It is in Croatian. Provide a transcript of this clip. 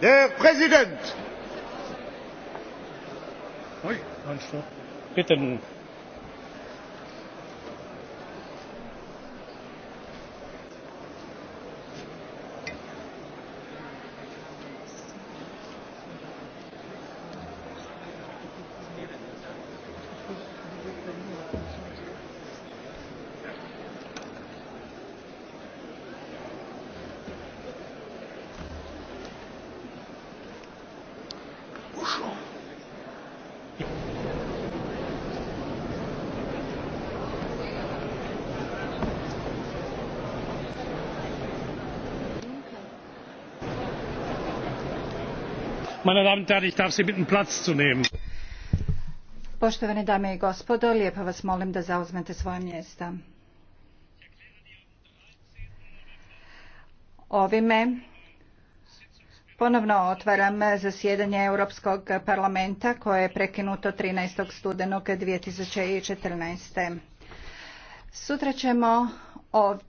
Herr Präsident! Bitte nun. meine poštovane dame i gospodo lijepo vas molim da zauzmete svoja mjesta. ovime ponovno otvaram zasjedanje europskog parlamenta koje je prekinuto. thirteen studenog. two thousand and fourteen sutra ćemo ovdje